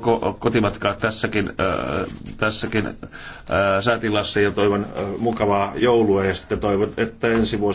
koko kotimatkaa tässäkin, äh, tässäkin äh, säätilassa ja toivon äh, mukavaa joulua ja sitten toivon, että ensi vuosi